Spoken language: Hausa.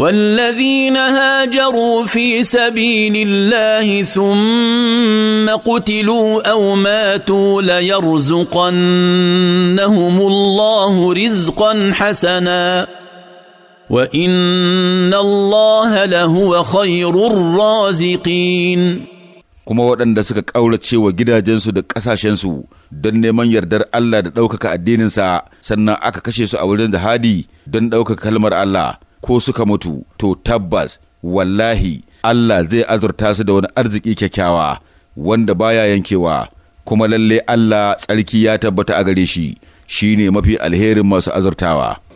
والذين هاجروا في سبيل الله ثم قتلوا او ماتوا ليرزقنهم الله رزقا حسنا وان الله لهو خير الرازقين kuma waɗanda suka ƙaurace wa gidajensu da ƙasashensu don neman yardar Allah da ɗaukaka addininsa sannan aka kashe su a wurin jihadi don ɗaukaka kalmar Allah ko suka mutu to tabbas wallahi Allah zai azurta su da wani arziki kyakkyawa wanda baya yankewa kuma lalle Allah tsarki ya tabbata a gare shi shine mafi alherin masu azurtawa